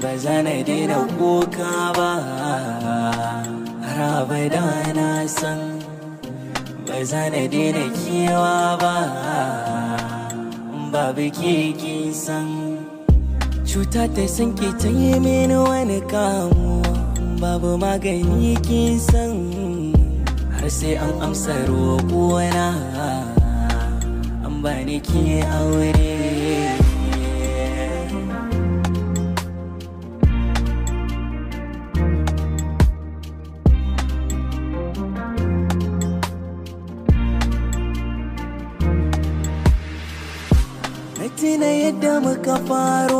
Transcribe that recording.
ba za na daina kuka ba rabai da na san ba za na daina kewa ba babu kiki san cuta ta san ke ta yi mini wani kamu babu magani kin san har sai an amsa roƙona an ba ni ke aure ka yadda muka faro